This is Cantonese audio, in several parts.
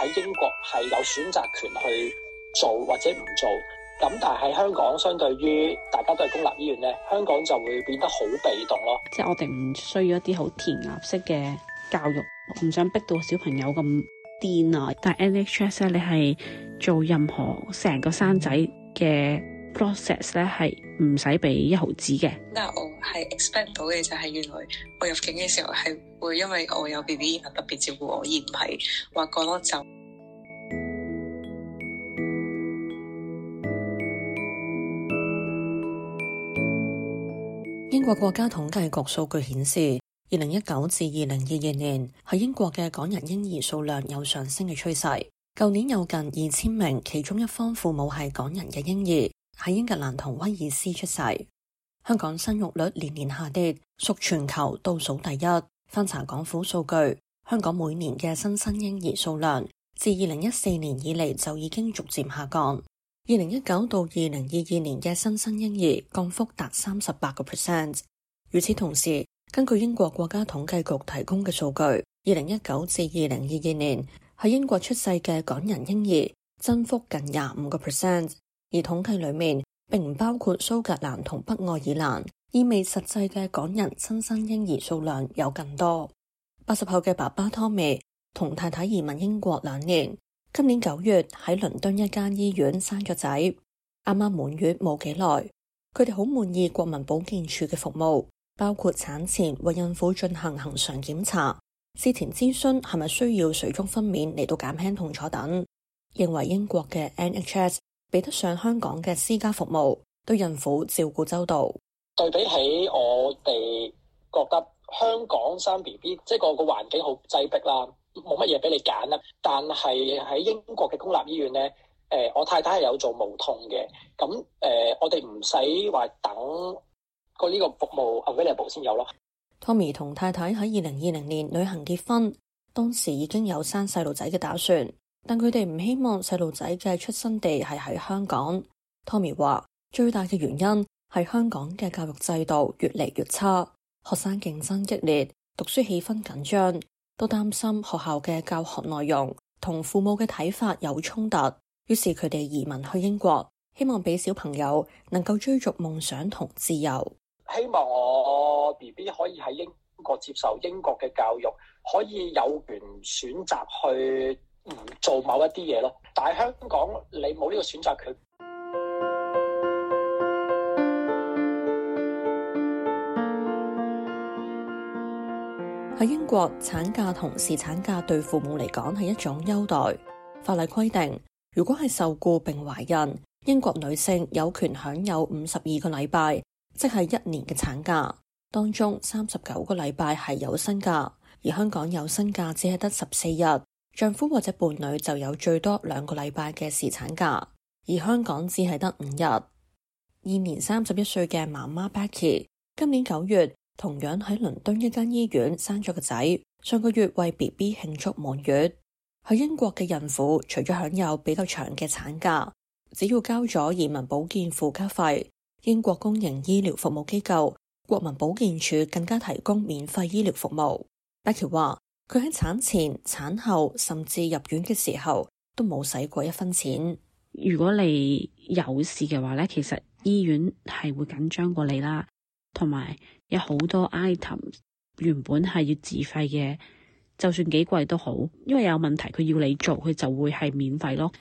喺英國係有選擇權去做或者唔做，咁但係香港，相對於大家都係公立醫院咧，香港就會變得好被動咯。即係我哋唔需要一啲好填鴨式嘅教育，唔想逼到小朋友咁癲啊！但係 NHS 啊，你係做任何成個生仔嘅 Process 咧，係唔使畀一毫紙嘅。但我係 expect 到嘅就係原來我入境嘅時候係會因為我有 B B 而特別照顧我，而唔係話過咗就。英國國家統計局數據顯示，二零一九至二零二二年，喺英國嘅港人嬰兒數量有上升嘅趨勢。舊年有近二千名，其中一方父母係港人嘅嬰兒。喺英格蘭同威爾斯出世。香港生育率年年下跌，屬全球倒數第一。翻查港府數據，香港每年嘅新生嬰兒數量，自二零一四年以嚟就已經逐漸下降。二零一九到二零二二年嘅新生嬰兒，降幅達三十八個 percent。與此同時，根據英國國家統計局提供嘅數據，二零一九至二零二二年喺英國出世嘅港人嬰兒，增幅近廿五個 percent。而統計裏面並唔包括蘇格蘭同北愛爾蘭，意味實際嘅港人親生嬰兒數量有更多。八十後嘅爸爸 Tommy 同太太移民英國兩年，今年九月喺倫敦一間醫院生咗仔。啱啱滿月冇幾耐，佢哋好滿意國民保健署嘅服務，包括產前為孕婦進行恆常檢查、事前諮詢係咪需要水中分娩嚟到減輕痛楚等，認為英國嘅 NHS，比得上香港嘅私家服務，對孕婦照顧周到。對比起我哋覺得香港生 BB，即係個個環境好擠迫啦，冇乜嘢俾你揀啦。但係喺英國嘅公立醫院咧，誒，我太太係有做無痛嘅，咁誒，我哋唔使話等個呢個服務 available 先有咯。Tommy 同太太喺二零二零年旅行結婚，當時已經有生細路仔嘅打算。但佢哋唔希望細路仔嘅出生地係喺香港。Tommy 話最大嘅原因係香港嘅教育制度越嚟越差，學生競爭激烈，讀書氣氛緊張，都擔心學校嘅教學內容同父母嘅睇法有衝突。於是佢哋移民去英國，希望俾小朋友能夠追逐夢想同自由。希望我 B B 可以喺英國接受英國嘅教育，可以有權選擇去，唔做某一啲嘢咯，但係香港你冇呢個選擇權。喺英國產假同侍產假對父母嚟講係一種優待。法例規定，如果係受僱並懷孕，英國女性有權享有五十二個禮拜，即係一年嘅產假，當中三十九個禮拜係有薪假，而香港有薪假只係得十四日。丈夫或者伴侶就有最多兩個禮拜嘅侍產假，而香港只係得五日。現年三十一歲嘅媽媽 Bucky 今年九月同樣喺倫敦一間醫院生咗個仔，上個月為 BB 慶祝滿月。喺英國嘅孕婦除咗享有比較長嘅產假，只要交咗移民保健附加費，英國公營醫療服務機構國民保健署更加提供免費醫療服務。Bucky 話。佢喺產前、產後甚至入院嘅時候都冇使過一分錢。如果你有事嘅話咧，其實醫院係會緊張過你啦，同埋有好多 item 原本係要自費嘅，就算幾貴都好，因為有問題佢要你做，佢就會係免費咯。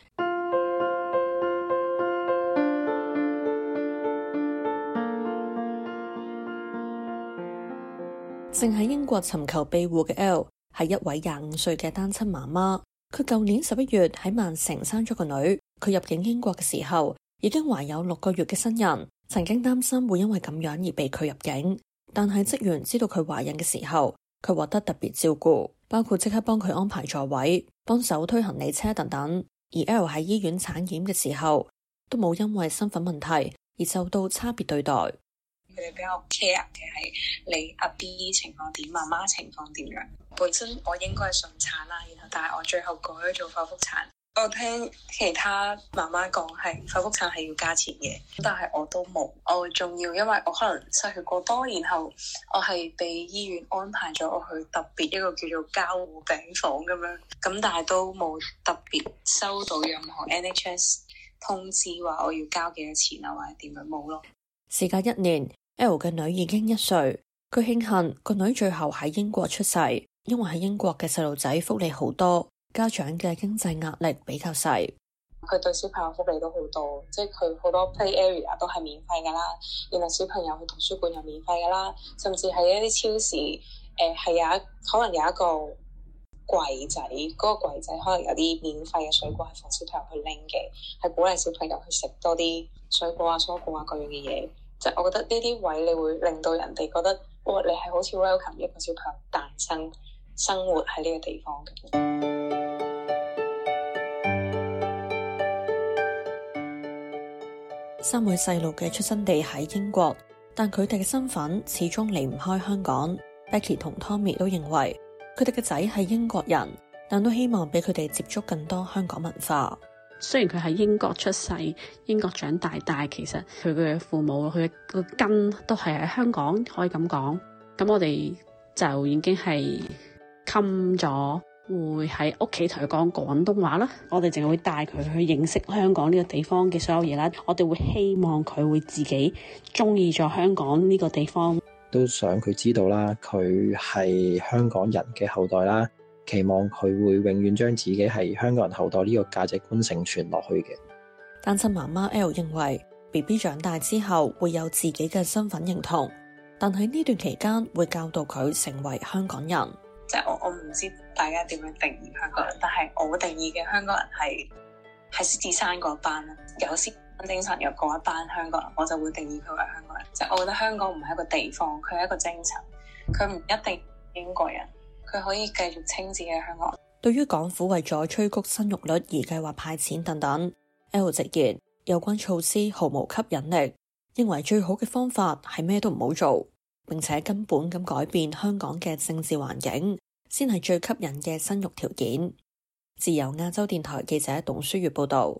正喺英國尋求庇護嘅 L。係一位廿五歲嘅單親媽媽，佢舊年十一月喺曼城生咗個女。佢入境英國嘅時候已經懷有六個月嘅身孕，曾經擔心會因為咁樣而被拒入境。但係職員知道佢懷孕嘅時候，佢獲得特別照顧，包括即刻幫佢安排座位、幫手推行李車等等。而 L 喺醫院產檢嘅時候，都冇因為身份問題而受到差別對待。佢哋比較 care 嘅係你阿 B 情況點，媽媽情況點樣。本身我應該係順產啦，然後但係我最後改咗做剖腹產。我聽其他媽媽講係剖腹產係要加錢嘅，但係我都冇。我、哦、仲要，因為我可能失血過多，然後我係被醫院安排咗我去特別一個叫做交護病房咁樣。咁但係都冇特別收到任何 NHS 通知話我要交幾多錢啊，或者點樣冇咯。時隔一年。L 嘅女已經一歲，佢慶幸個女最後喺英國出世，因為喺英國嘅細路仔福利好多，家長嘅經濟壓力比較細。佢對小朋友福利都好多，即係佢好多 play area 都係免費噶啦原來小朋友去圖書館又免費噶啦，甚至係一啲超市，誒、呃、係有一可能有一個櫃仔，嗰、嗰個櫃仔可能有啲免費嘅水果，係放小朋友去拎嘅，係鼓勵小朋友去食多啲水果啊、蔬果啊各樣嘅嘢。即係我覺得呢啲位你會令到人哋覺得，哇！你係好似 welcome 一個小朋友誕生生活喺呢個地方嘅。三位細路嘅出生地喺英國，但佢哋嘅身份始終離唔開香港。Becky 同 Tommy 都認為佢哋嘅仔係英國人，但都希望俾佢哋接觸更多香港文化。.雖然佢喺英國出世、英國長大，但係其實佢嘅父母、佢嘅根都係喺香港，可以咁講。咁我哋就已經係襟咗，會喺屋企同佢講廣東話啦。我哋淨係會帶佢去認識香港呢個地方嘅所有嘢啦。我哋會希望佢會自己中意咗香港呢個地方，都想佢知道啦，佢係香港人嘅後代啦。期望佢會永遠將自己係香港人後代呢個價值觀承傳落去嘅。單親媽媽 L 認為，B B 長大之後會有自己嘅身份認同，但喺呢段期間會教導佢成為香港人。即係 我我唔知大家點樣定義香港人，但係我定義嘅香港人係係獅子山嗰一班啦，有獅子精神嘅嗰一班香港人，我就會定義佢為香港人。即係我覺得香港唔係一個地方，佢係一個精神，佢唔一定英國人。佢可以繼續清自己香港。對於港府為咗催谷生育率而計劃派錢等等，L 直言有關措施毫無吸引力，認為最好嘅方法係咩都唔好做，並且根本咁改變香港嘅政治環境，先係最吸引嘅生育條件。自由亞洲電台記者董書月報導。